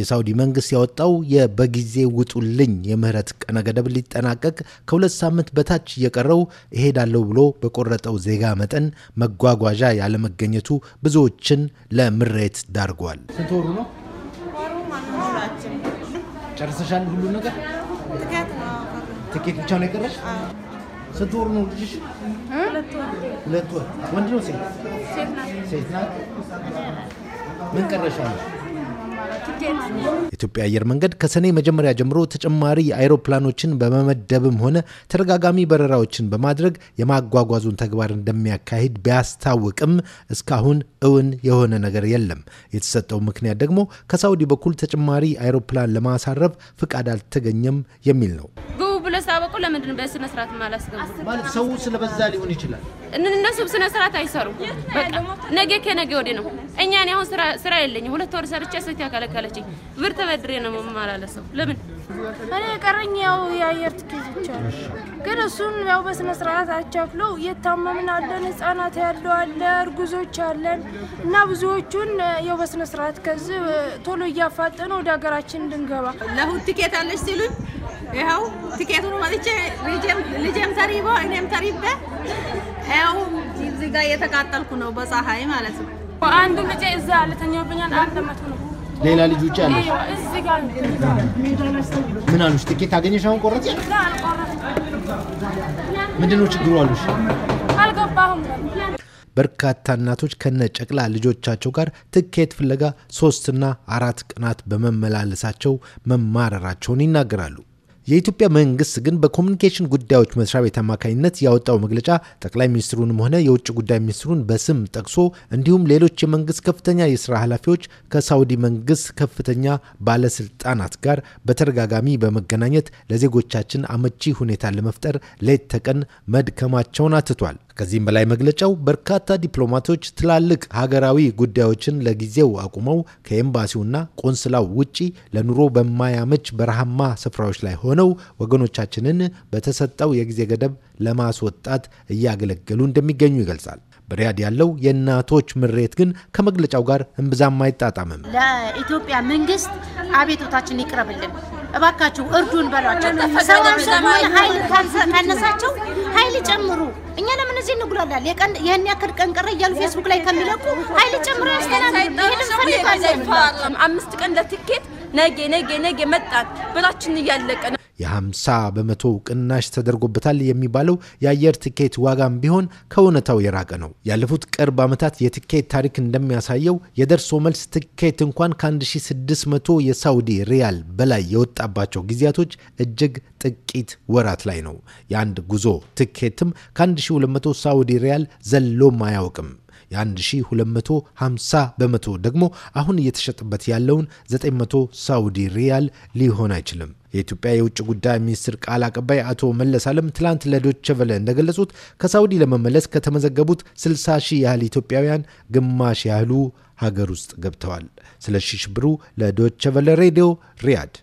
የሳውዲ መንግስት ያወጣው የበጊዜ ውጡልኝ የምህረት ቀነ ገደብ ሊጠናቀቅ ከሁለት ሳምንት በታች እየቀረው እሄዳለሁ ብሎ በቆረጠው ዜጋ መጠን መጓጓዣ ያለመገኘቱ ብዙዎችን ለምሬት ዳርጓል። ስንት ወሩ ነው? ጨርሰሻል? ሁሉ ነገር ትኬት ብቻ ነው የቀረሽ? ስንት ነው ልጅሽ? ሁለት ወር። ወንድ ነው ሴት? ሴት ናት። ምን ነው የኢትዮጵያ አየር መንገድ ከሰኔ መጀመሪያ ጀምሮ ተጨማሪ የአይሮፕላኖችን በመመደብም ሆነ ተደጋጋሚ በረራዎችን በማድረግ የማጓጓዙን ተግባር እንደሚያካሂድ ቢያስታውቅም እስካሁን እውን የሆነ ነገር የለም። የተሰጠው ምክንያት ደግሞ ከሳውዲ በኩል ተጨማሪ አይሮፕላን ለማሳረፍ ፍቃድ አልተገኘም የሚል ነው። ሁለት ሰዓት በቆ ለምንድን ነው በስነ ስርዓት የማላስገቡት? ማለት ሰው ስለበዛ ሊሆን ይችላል። እነሱ ስነ ስርዓት አይሰሩም። በቃ ነገ ከነገ ወዲህ ነው። እኛ እኔ አሁን ስራ ስራ የለኝም። ሁለት ወር ሰርቼ ሴት ያከለከለችኝ ብር ተበድሬ ነው የምማላለሰው። ለምን እኔ የቀረኝ ያው የአየር ትኬት ብቻ ግን እሱን ያው በስነ ስርዓት አቻክለው እየታመምን አለን፣ ህጻናት ያለው አለ፣ እርጉዞች አለን እና ብዙዎቹን ያው በስነ ስርዓት ከዚህ ቶሎ እያፋጠነ ወደ ሀገራችን እንድንገባ ለሁት ትኬት አለች ሲሉኝ ይኸው ትኬቱን ወጥቼ ልጄም ተሪቦ እኔም ተሪቤ ይኸው እዚህ ጋር እየተቃጠልኩ ነው በፀሐይ ማለት ነው። አንዱ ልጄ እዛ ልተኛብኛል። አንድ መቶ ነው። ሌላ ልጅ ውጭ አለ። ምን አሉሽ? ትኬት አገኘሽ? አሁን ቆረጥ? ምንድን ነው ችግሩ አሉሽ? በርካታ እናቶች ከነ ጨቅላ ልጆቻቸው ጋር ትኬት ፍለጋ ሶስትና አራት ቀናት በመመላለሳቸው መማረራቸውን ይናገራሉ። የኢትዮጵያ መንግስት ግን በኮሚኒኬሽን ጉዳዮች መስሪያ ቤት አማካኝነት ያወጣው መግለጫ ጠቅላይ ሚኒስትሩንም ሆነ የውጭ ጉዳይ ሚኒስትሩን በስም ጠቅሶ እንዲሁም ሌሎች የመንግስት ከፍተኛ የስራ ኃላፊዎች ከሳውዲ መንግስት ከፍተኛ ባለስልጣናት ጋር በተደጋጋሚ በመገናኘት ለዜጎቻችን አመቺ ሁኔታ ለመፍጠር ሌት ተቀን መድከማቸውን አትቷል። ከዚህም በላይ መግለጫው በርካታ ዲፕሎማቶች ትላልቅ ሀገራዊ ጉዳዮችን ለጊዜው አቁመው ከኤምባሲውና ቆንስላው ውጪ ለኑሮ በማያመች በረሃማ ስፍራዎች ላይ ሆነው ወገኖቻችንን በተሰጠው የጊዜ ገደብ ለማስወጣት እያገለገሉ እንደሚገኙ ይገልጻል። በሪያድ ያለው የእናቶች ምሬት ግን ከመግለጫው ጋር እምብዛም አይጣጣምም። ለኢትዮጵያ መንግስት አቤቶታችን ይቅረብልን እባካችሁ፣ እርዱን በሏቸው። ሀይል ካነሳቸው ሀይል ጨምሩ እኛ ለምን እዚህ እንጉላላል? የቀን ይሄን ያክል ቀን ቀረ እያሉ ፌስቡክ ላይ ከሚለቁ ኃይል ጨምሮ ያስተናግዱ። ይሄን ፈልጋለሁ። አምስት ቀን ለትኬት ነገ ነገ ነገ መጣን ብራችን እያለቀ ነው። የ50 በመቶ ቅናሽ ተደርጎበታል የሚባለው የአየር ትኬት ዋጋም ቢሆን ከእውነታው የራቀ ነው። ያለፉት ቅርብ ዓመታት የትኬት ታሪክ እንደሚያሳየው የደርሶ መልስ ትኬት እንኳን ከ1600 የሳውዲ ሪያል በላይ የወጣባቸው ጊዜያቶች እጅግ ጥቂት ወራት ላይ ነው። የአንድ ጉዞ ትኬትም ከ1200 ሳውዲ ሪያል ዘሎም አያውቅም። የ1250 በመቶ ደግሞ አሁን እየተሸጠበት ያለውን 900 ሳውዲ ሪያል ሊሆን አይችልም። የኢትዮጵያ የውጭ ጉዳይ ሚኒስትር ቃል አቀባይ አቶ መለስ አለም ትላንት ለዶቸቨለ እንደገለጹት ከሳውዲ ለመመለስ ከተመዘገቡት 60 ሺህ ያህል ኢትዮጵያውያን ግማሽ ያህሉ ሀገር ውስጥ ገብተዋል። ስለሺ ሽብሩ ለዶቸቨለ ሬዲዮ ሪያድ